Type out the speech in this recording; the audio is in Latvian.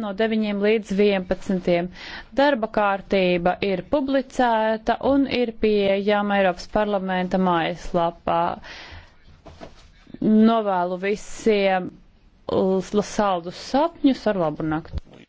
no 9 līdz 11. Darba kārtība ir publicēta un ir pieejama Eiropas parlamenta mājaslapā. Novēlu visiem saldus sapņus ar labu nakti.